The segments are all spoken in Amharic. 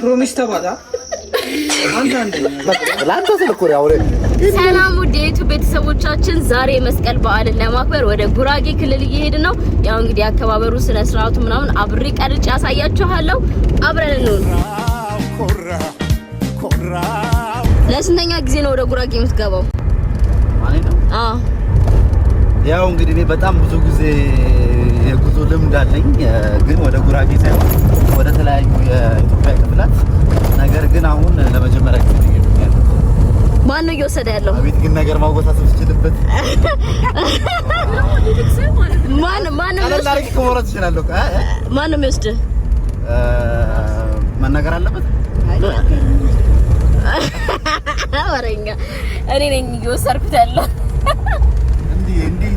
ፕሮሚስ ተባላ። ሰላም ውድ የቱ ቤተሰቦቻችን፣ ዛሬ መስቀል በዓልን ለማክበር ወደ ጉራጌ ክልል እየሄድ ነው። ያው እንግዲህ አከባበሩ ስነ ስርዓቱ ምናምን አብሬ ቀርጬ ያሳያችኋለሁ። አብረን ነው። ለስንተኛ ጊዜ ነው ወደ ጉራጌ የምትገባው? አዎ ያው እንግዲህ እኔ በጣም ብዙ ጊዜ የጉዞ ልምድ አለኝ፣ ግን ወደ ጉራጌ ሳይሆን ወደ ተለያዩ የኢትዮጵያ ክፍላት። ነገር ግን አሁን ለመጀመሪያ ጊዜ ነው። ማን ነው እየወሰደ ያለው? አቤት ግን ነገር ማውጣት ስትችልበት ማን ማን ነው እየወሰደ? ማን ነው የሚወስድ? መናገር አለበት። ወሬኛ እኔ ነኝ እየወሰድኩት ያለው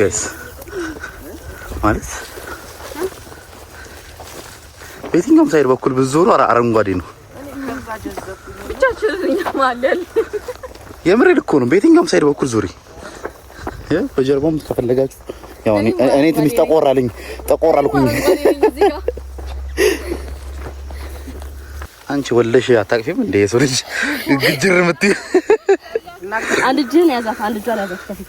ጋይስ ማለት በየትኛውም ሳይድ በኩል ብዙ አረንጓዴ ነው። የምሬ ልኮ ነው። በየትኛውም ሳይድ በኩል ዙሪ። በጀርባውም ከፈለጋችሁ ያው እኔ ትንሽ ጠቆራልኝ ጠቆራልኩኝ። አንቺ ወለሽ አታቅፊም እንደ የሰው ልጅ ግጅር የምትይ አንድ እጅህን ያዛት አንድ እጇን ያዛት ከፊት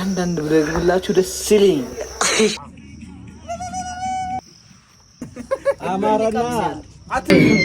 አንዳንድ ብደግምላችሁ ደስ ይለኝ። አማራና ይሁን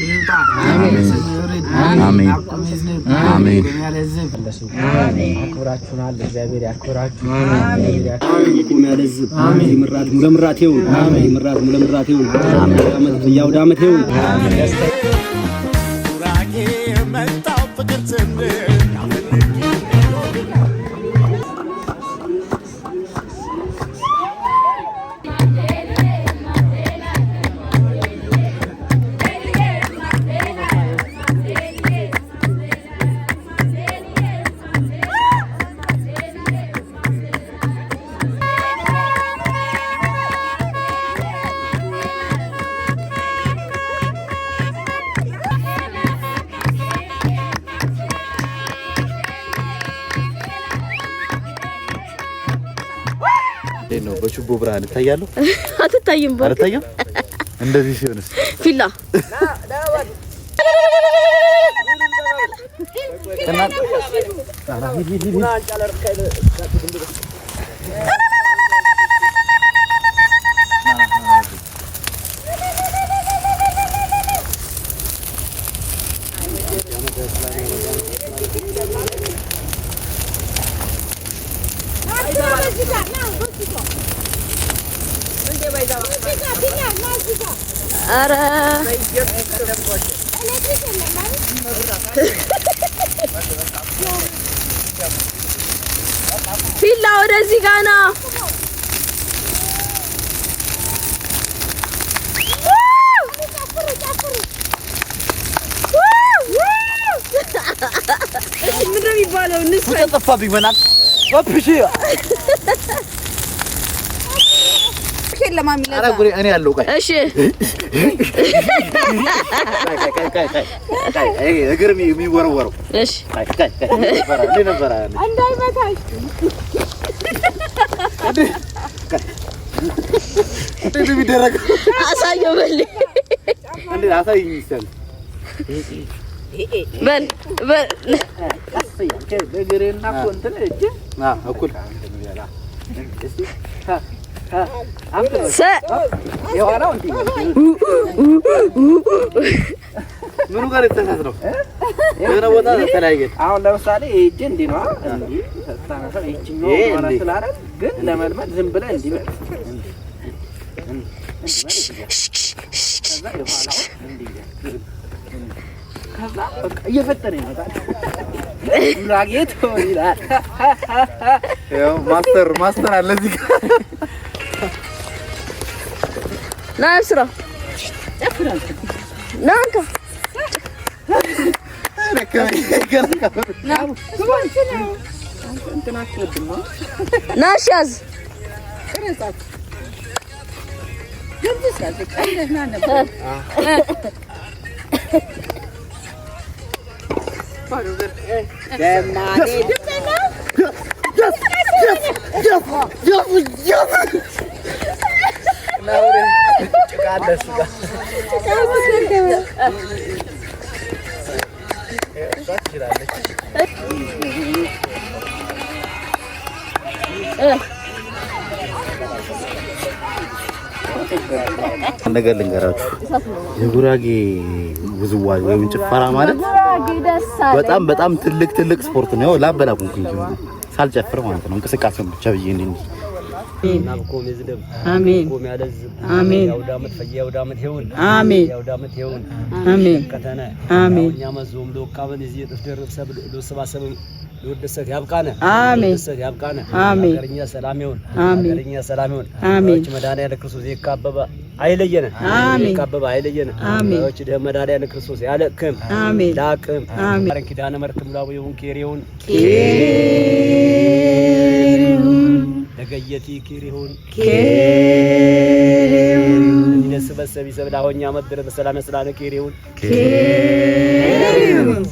ነው? በችቦ ብርሃን እታያለሁ? አትታይም። አትታይም። እንደዚህ ሲሆንስ ፊላ ና ኧረ ፊላ ወደዚህ ጋር ምንድን ነው የሚባለው? አፍ የለም እኔ ያለው እሺ፣ እግር የሚወረወረው እሺ፣ እንዳይመታሽ እንዴት ነው የሚደረገው? አሳየው በል በል በል ምኑ ጋር የሆነ ቦታ አሁን ለምሳሌ ይህቺ እንዲህ ነው ስላለት ግን ለመልመድ ዝም ብለህ እንዲህ እየፈጠነ ይመጣል። ማስተር ማስተር አለ እዚህ ጋር ና ስራ ና አንተ ና ነገር ልንገራችሁ የጉራጌ ውዝዋዜ ወይም ጭፈራ ማለት በጣም በጣም ትልቅ ትልቅ ስፖርት ነው። ላበላ ሳልጨፍር ማለት ነው እንቅስቃሴውን ብቻ ብዬ ናብኮም ያብቃነ አሜን። ለወደሰት ያብቃነ አሜን። አገርኛ ሰላም ይሁን አሜን። አገርኛ ሰላም ይሁን አሜን። መድኃኒዓለም ክርስቶስ የካበበ አይለየነ አሜን። የካበበ አይለየነ አሜን። ወጭ ደ መድኃኒዓለም ክርስቶስ ያለቅም አሜን። ዳቅም አሜን። ኪዳነ መርክም ላቡ ይሁን ኬሪውን ኬሪ ገየቲ ኪሪሁን ይሁን ይደስበሰብ ይሰብዳ ሆኛ መድረ በሰላም ያስላነ ኪሪሁን ይሁን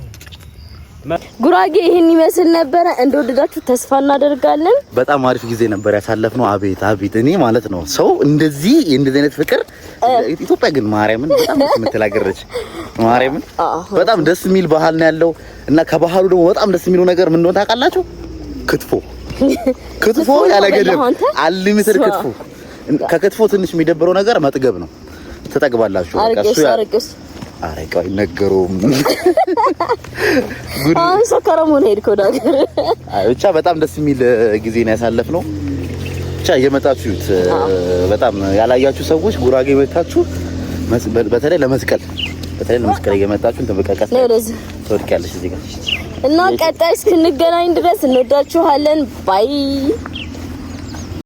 ጉራጌ ይህን ይመስል ነበረ። እንደወደዳችሁ ተስፋ እናደርጋለን። በጣም አሪፍ ጊዜ ነበር ያሳለፍነው። አቤት አቤት! እኔ ማለት ነው ሰው እንደዚህ እንደዚህ አይነት ፍቅር ኢትዮጵያ ግን ማርያምን በጣም የምትላገረች ማርያምን በጣም ደስ የሚል ባህል ነው ያለው እና ከባህሉ ደግሞ በጣም ደስ የሚለው ነገር ምን እንደሆነ ታውቃላችሁ? ክትፎ ክትፎ ያለ ገደብ አልሚትድ ክትፎ። ከክትፎ ትንሽ የሚደብረው ነገር መጥገብ ነው። ትጠግባላችሁ። አረቄ አይነገረውም። አሁን ሰከረሙ ነው ሄድከው ዳገር ብቻ በጣም ደስ የሚል ጊዜ ነው ያሳለፍነው። ብቻ እየመጣችሁት በጣም ያላያችሁ ሰዎች ጉራጌ መታችሁ፣ በተለይ ለመስቀል በተለይ ለመስቀል እየመጣችሁ እንትን በቃ ቀስ ትወድቂያለሽ እዚህ ጋር እና ቀጣይ እስክንገናኝ ድረስ እንወዳችኋለን። ባይ